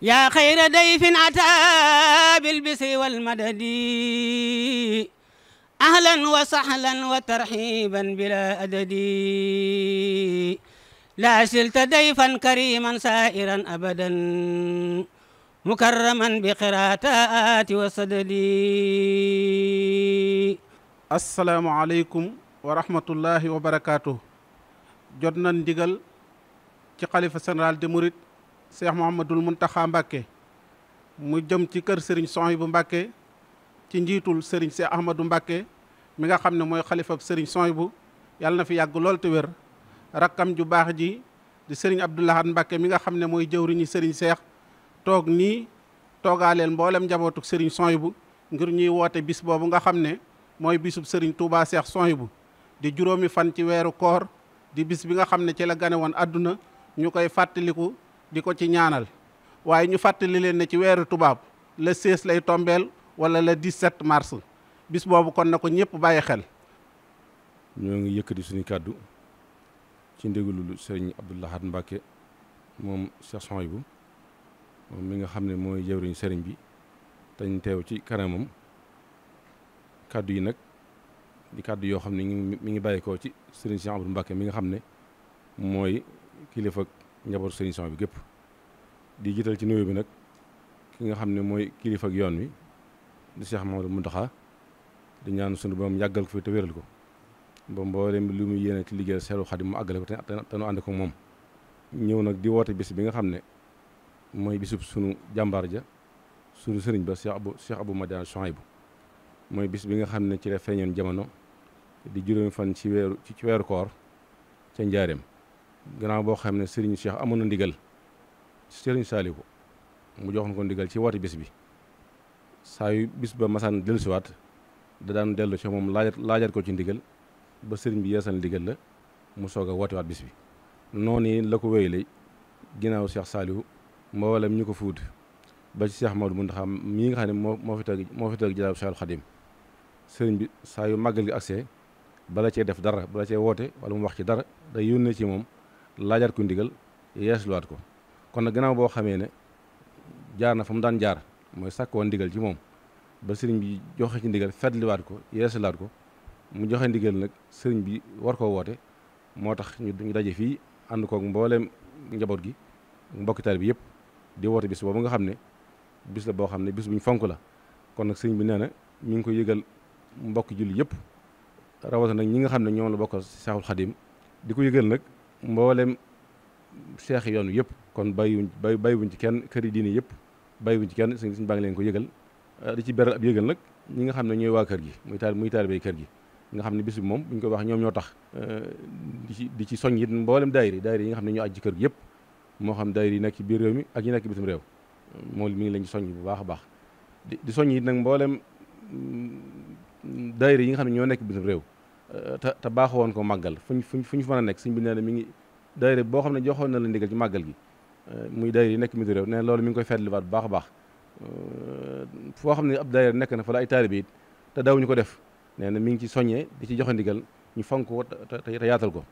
yaa xayra dayfin ataa bil bisri wal madadi ahlan wa sahlan wa tarhiban bila adadi laa silta dayfan kariman saa'iran abadan mukarraman bi qiraataati wa sadadi assalaamu aleykum wa rahmatullahi wa barakaatu jot na ndigal ci xalifa général de Mouride Cheikh Mouhamadul Mountakha Mbacke mu jëm ci kër Serigne bu Mbacke ci njiitul Serigne Cheikh Ahmadou Mbacke mi nga xam ne mooy xalifa xalifab Serigne bu yàlla na fi yàgg lool te wér rakkam ju baax ji di Serigne Abdoulahat Mbacke mi nga xam ne mooy jëwriñu Serigne Cheikh toog nii toogaaleel mboolem njabootuk Serigne bu ngir ñuy woote bis boobu nga xam ne mooy bisub Serigne Touba Cheikh bu di juróomi fan ci weeru koor di bis bi nga xam ne ci la gane woon àdduna ñu koy fàttaliku di ko ci ñaanal waaye ñu fàttali leen ne ci weeru tubaab le 16 lay tombeel wala le 17 mars bis boobu kon na ko ñëpp bàyyi xel. ñoo ngi yëkkati suñu kàddu ci ndéglu sëriñ Abdou Lahad Mbacke moom Cheikh Souhaïbou moom mi nga xam ne mooy jawriñu sëriñ bi tañ teew ci kanamam kàddu yi nag di kàddu yoo xam ne mi ngi bàyyeekoo ci sëriñ Cheikh Abdou Mbacke mi nga xam ne mooy kilifa. njabootu sëriñ Sam bi gépp di jiital ci nuyoo bi nag ki nga xam ne mooy kilifa yoon wi di Cheikh Mamadou Mountakha di ñaan sunu borom yàggal ko fi te wéral ko ba mboolem li mu yéene ci liggéeyal Seexul Xaadim mu àggale ko te te nu ànd ko moom. ñëw nag di woote bis bi nga xam ne mooy bisub sunu jàmbaar ja sunu sëriñ ba Cheikh Abou Cheikh Abou Madiane Souhaïbou mooy bis bi nga xam ne ci la feeñoon jamono di juróomi fan ci weeru ci weeru koor ca njaareem. gannaaw boo xam ne Serigne Cheikh amoon na ndigal Serigne ko mu joxoon ko ndigal ci woote bis bi saa yu bis ba masaan dellusiwaat da daan dellu ci moom laajat laajat ko ci ndigal ba sëriñ bi yeesal ndigal la mu soog a wootewaat bis bi. noonu la ko wéyalee ginnaaw Cheikh Saliou mboolem ñu ko fuut ba ci Cheikh Maodo Mountakha mii nga xam ne moo moo fi teg moo fi teg jaraab Cheikh Khadim Serigne bi saa yu màggal gi accès bala cee def dara bala cee woote wala mu wax ci dara day yónnee ci moom. laajaat ko ndigal yeesluwaat ko kon nag gannaaw boo xamee ne jaar na fa mu daan jaar mooy sàkkoo ndigal ci moom ba sëriñ bi joxe ci ndigal fetliwaat ko yeesluwaat ko mu joxe ndigal nag sëriñ bi war koo woote moo tax ñu daje fii ànd kook mbooleem njaboot gi mbokki taal bi yëpp di woote bis boobu nga xam ne bis la boo xam ne bis buñ fonk la kon nag sëriñ bi nee na mi ngi ko yëgal mbokki julli yëpp rawatina nag ñi nga xam ne ñoom la bokk Seexul Xadim di ko nag mboolem seex yoon wi yëpp kon bay bàyyiwuñ ci kenn kër yi diini yëpp bàyyiwuñ ci kenn suñ baa ngi leen ko yëgal ah, di ci beral ab yëgal nag ñi nga xam ne ñooy waa kër gi muy taal muy taalibey kër gi nga xam ne bis bi moom buñ ko wax ñoom ñoo tax eh, di ci di ci soñ it mboolem daayiri daayiri yi nga xam ne ñoo aj ci kër gi yëpp moo xam daayiri yi nekk ci biir réew mi ak ñi nekk bitim réew moo mi ngi leen ci soñ bu baax a baax di soñ it nag mboolem mm, daayiri yi nga xam ne ñoo nekk bitim réew Euh, te te baaxoo woon ko màggal fu fuñ fu ñu mën a nekk suñ bi nee na mi ngi daayira boo xam ne joxoon na la ndigal ci màggal gi euh, muy daayira yi nekk mi réew nee loolu mi ngi koy fàttaliwaat bu baax a baax euh, foo xam ne ab daayira nekk na fa la ay taalibe it te dawuñu ko def nee na mi ngi ci soññee di ci joxe ndigal ñu fonk ko te yaatal ko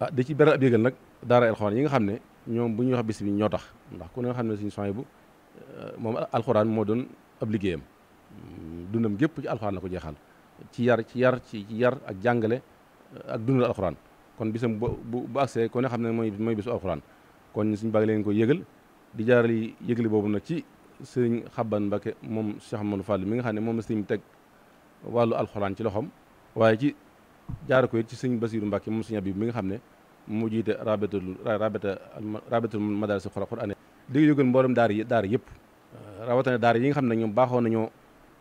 ah di ci beral ab yëgal nag daara alxuraan yi nga xam ne ñoom bu ñuy wax bis ñoo tax ndax ku ne nga xam ne suñu soñ bu moom alxuraan moo doon ab liggéeyam mm, dundam gépp ci alxuraan la ko jeexal ci yar ci yar ci yar ak jàngale euh, ak dundal alxuraan kon bisam bu bu agsee ko ne xam ne mooy mooy bisu alxuraan kon suñ bàgg leen ko yëgal di jaarali yëgali boobu nag ci sëñ Xabban Mbakke moom Cheikh Amadou Fall mi nga xam ne moom la sëriñ teg wàllu alxuraan ci loxom waaye ci jaar ko ci sëriñ Basiiru Mbakke moom sëriñ Abib mi nga xam ne mu jiite rabatul rabata rabatul madaarisi alxuraan di yëgal mboolem daar yi daar yëpp rawatina daar yi nga xam ne ñoom baaxoo nañoo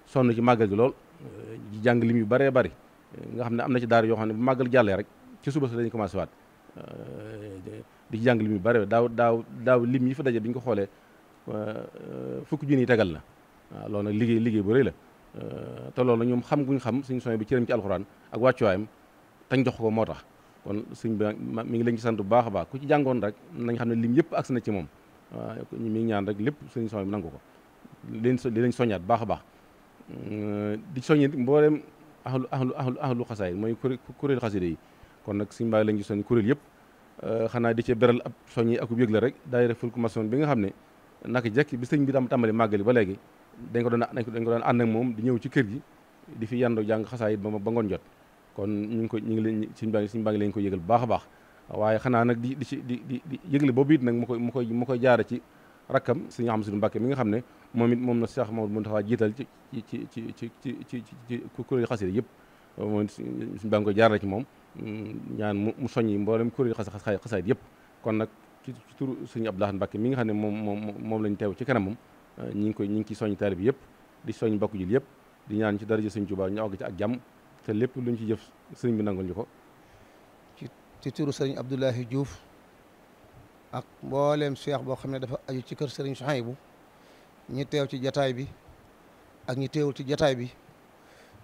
sonn ci màggal gi lool di jàng lim yu bëree bari nga xam ne am na ci daar yoo xam ne bu màggal jàllee rek ci suba si dañu commencé waat euh, di jàng lim yu bëri daaw daaw daaw lim yi fa daje bi ñu ko xoolee euh, fukki junni yi tegal la waaw loolu nag liggéey liggéey bu rëy la euh, te loolu nag ñoom xam guñ xam suñu soñ bi cëram ci alxuraan ak wàccuwaayam tañ jox ko moo tax kon suñ bi mi ngi leen ci sant bu baax a baax ku ci jàngoon rek nañ xam ne lim yëpp agsi na ci moom waaw mi ñaan rek lépp suñ soo bi nangu ko leen di leen soñaat baax a Euh, di soññi mboolem ahlu ahlu ahlu ahlu xasaay mooy kuréel kuréel xasida yi kon nag suñu mbaagi lañ ci soññ kuréel yëpp euh, xanaa di ci beral ab soññi akub yëg la rek daayira Fulku Masoon bi nga xam ne naka jekk bi sëñ bi dam tàmbali màggali ba léegi dañ ko doon dañ ko doon ànd ak moom di ñëw ci kër gi di fi yando jàng xasaayit ba ba ngoon jot kon ñu ngi ko ñu ngi leen suñu baa ngi suñu baa ngi leen ko yëgal bu baax a baax waaye xanaa nag di di ci di di di yëgle boobu it nag mu koy mu koy mu koy jaare ci rakkam sëñ Ahmadou Mbacke mi nga xam ne moom it moom na Cheikh ci ci ci ci ci ci ci ci kuréel yëpp moom suñu baa ngi koy jaarale ci moom mm, ñaan mu soññi mboolem kuréel xas xasaayit yëpp kon nag ci turu sëñ Abdou Lahad Mbacke mi nga xam ne moom moom moom lañ teew ci kanamam euh, ñi ngi koy ñi ngi ciy soññ taalib yëpp di soñ mbokku jil yëpp di ñaan ci daraja sëñ Tuubaa ñu àgg ci ak jàmm te lépp luñ ci jëf sëñ bi nangul ñu ko turu sëñ Abdoulahi Diouf ak mbooleem seex boo xam ne dafa aju ci kër Serigne bu ñi teew ci jataay bi ak ñi teewul ci jataay bi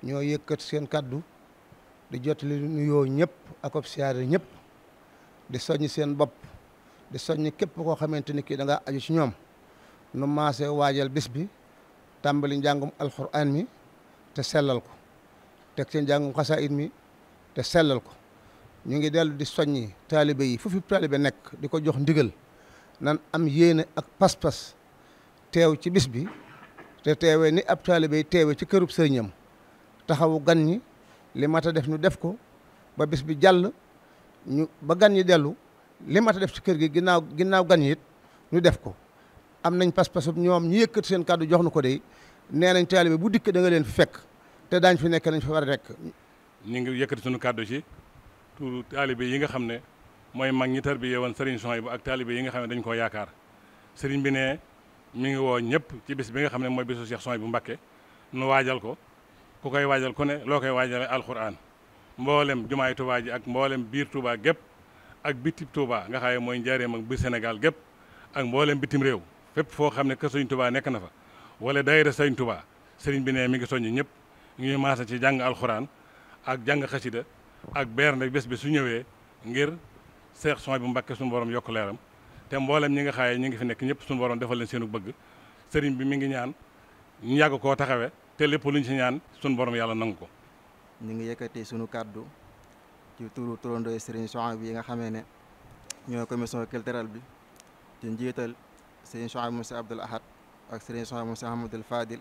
ñoo yëkkat seen kaddu di jot li nuyoo ñëpp ak siyaare ñëpp di soññ seen bopp di soññ képp koo xamante ni kii da ngaa aju ci ñoom nu maasee waajal bis bi tàmbali njàngum alxuraan mi te sellal ko teg ci njàngum xasaayid mi te sellal ko ñu ngi dellu di soññi taalibe yi fu fi taalibe nekk di ko jox ndigal nan am yéene ak pas-pas teew ci bis bi te teewee ni ab taalibe yi teewe ci kërub sëriñam taxawu gan ñi li mat a def ñu def ko ba bis bi jàll ñu ba gan ñi dellu li mat def ci kër gi ginnaaw ginnaaw gan ñi ñu def ko am nañ pas-pasub ñoom ñu yëkkat seen kàddu jox nu ko de nee nañ taalibe bu dikk da leen fi fekk te daañ fi nekk nañ fa war a rekk ñu ngi yëkkati sunu kàddu ci surtout taalibe yi nga xam ne mooy mag ñi tarbiye woon sëriñ Souhaïbou ak taalibe yi nga xam ne dañ koo yaakaar sëriñ bi ne mi ngi woo ñëpp ci bis bi nga xam ne mooy bisu Cheikh bu Mbacké nu waajal ko ku koy waajal ko ne loo koy waajale alxuraan mboolem jumaay Touba ji ak mboolem biir Touba gépp ak bitib Touba nga xam mooy njaareem mag biir Sénégal gépp ak mboolem bitim réew fépp foo xam ne kër sëriñ Touba nekk na fa wala daayira sëriñ Touba sëriñ bi ne mi ngi soññ ñëpp ñuy ci jàng alxuraan ak jàng ak bernde bés bi su ñëwee ngir Seex Son bu Mbàkke suñu borom yokk leeram te mboolem ñi nga xaaye ñi ngi fi nekk ñëpp suñu borom defal leen seenu bëgg sëriñ bi mu ngi ñaan ñu yàgg koo taxawee te lépp luñ si ñaan suñu borom yàlla nangu ko ñu ngi yëkkati suñu kàddu ci turu turandooy sëriñ Son bi nga xamee ne ñooy commission culturelle bi ci njiital sëriñ Son bu Monsieur Abdoul Ahad ak sëriñ Son bu Monsieur Ahmadul Fadil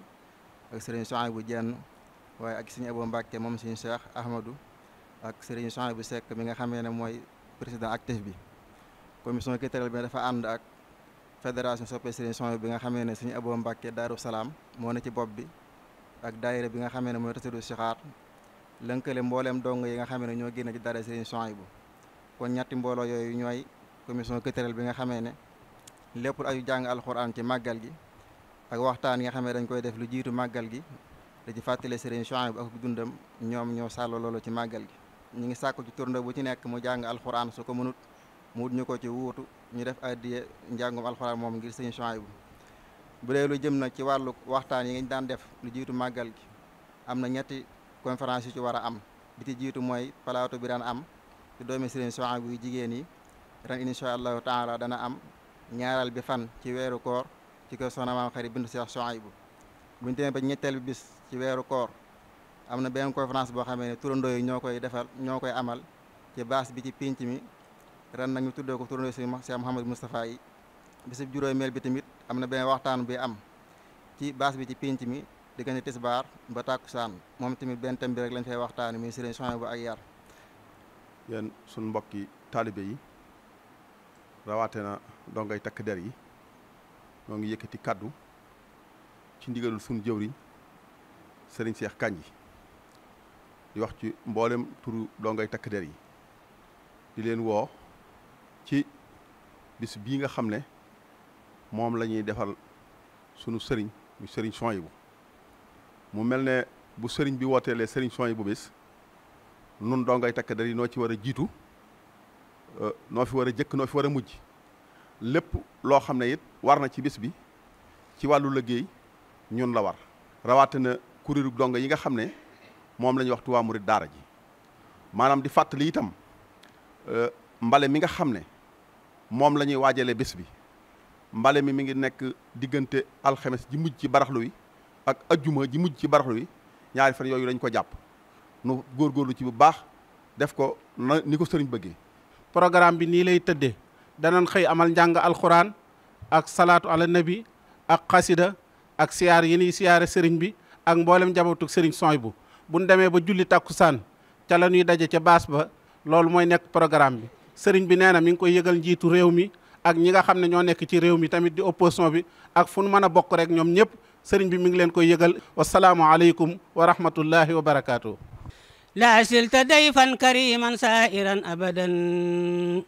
ak sëriñ bu Jenn waaye ak sëriñ Abo Mbàkke moom sëriñ Cheikh Ahmadou ak sëriñ Chouaïbou Seck bi nga xamee ne mooy président actif bi commission culturelle bi dafa ànd ak fédération soppe sëriñ Chouaïbou bi nga xamee ne suñu Abo Mbàkke Daaru Salaam moo ne ci bopp bi ak daayira bi nga xamee ne mooy tasidu sixaar lënkale mbooleem dong yi nga xamee ne ñoo génn ci daara sëriñ Chouaïbou kon ñetti mbooloo yooyu ñooy commission culturelle bi nga xamee ne lépp lu aju jàng alxuraan ci màggal gi ak waxtaan yi nga xamee dañ koy def lu jiitu màggal gi da ci fàttale sëriñ Chouaïbou ak dundam ñoom ñoo sàll loolu ci màggal gi ñu ngi sàkku ci turndoo bu ci nekk mu jàng alxuraan su ko mënut mu wut ñu ko ci wuutu ñu def addiye njàngum alxuraan moom ngir sëñ Chouaïbou bu dee lu jëm nag ci wàllu waxtaan yi ngañ daan def lu jiitu màggal gi am na ñetti conférence yu ci war a am bi ci jiitu mooy plateau bi daan am ci doomi sëriñ Chouaïbou yu jigéen yi ren incha allahu taala dana am ñaaral bi fan ci weeru koor ci ko soxna maam bindu bintu Cheikh Chouaïbou buñu demee ba ñetteel bi bis ci weeru koor am na benn conférence boo xamee ne turandoo yi ñoo koy defal ñoo koy amal ci baas bi ci pénc mi ren nag ñu tuddee ko turandoo si Cheikh Mouhamadou Moustapha yi bisub juróomeel bi tamit am na benn waxtaan bi am ci baas bi ci pénc mi diggante tisbaar ba tàkkusaan moom tamit benn thème bi rek lañ fay waxtaani muy sëriñ soxna bu ak yar yéen suñ mbokki taalibe yi rawaate na dongay takk der yi noo ngi yëkkati kàddu ci ndigalul suñ jëwriñ sëriñ Seex Kanji di wax ci mboolem turu dongay takk der yi di leen woo ci bis bii nga xam ne moom la ñuy defal sunu sëriñ mu sëriñ Souhaïbou mu mel ne bu sëriñ bi wooteelee sëriñ bu bis nun dongay takk der yi noo ci war a jiitu euh, noo fi war a jëkk noo fi war a mujj lépp loo xam ne it war na ci bis bi ci wàllu liggéey ñun la war rawaate na kuréelu donga yi nga xam ne moom la ñuy wax mu Mouride daara ji maanaam di fàttali itam euh, mbale mi nga xam ne moom la ñuy waajalee bés bi mbale mi mi ngi nekk diggante alxames ji mujj ci baraxlu wi ak ajjuma ji mujj ci baraxlu wi ñaari fan yooyu dañ ko jàpp nu góorlu ci bu baax def ko na ni ko sëriñ bëggee. programme bi nii lay tëddee danañ xëy amal njàng alxuraan ak salaatu ala nabi ak xasida ak siyaar yi ñuy siyaare sëriñ bi ak mboolem jabatug sëriñ sooy bu buñ demee ba julli takkusaan ca la ñuy daje ca baas ba loolu mooy nekk programme bi sëriñ bi nee na mi ngi koy yëgal njiitu réew mi ak ñi nga xam ne ñoo nekk ci réew mi tamit di opposition bi ak fu nu mën a bokk rek ñoom ñëpp sëriñ bi mi ngi leen koy yëgal wasalaamu aleykum wa rahmatullahi wa barakaatu laa silta dayfan kariman sairan abadan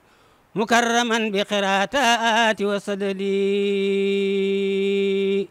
mukarraman bi qiraataati wa sadadi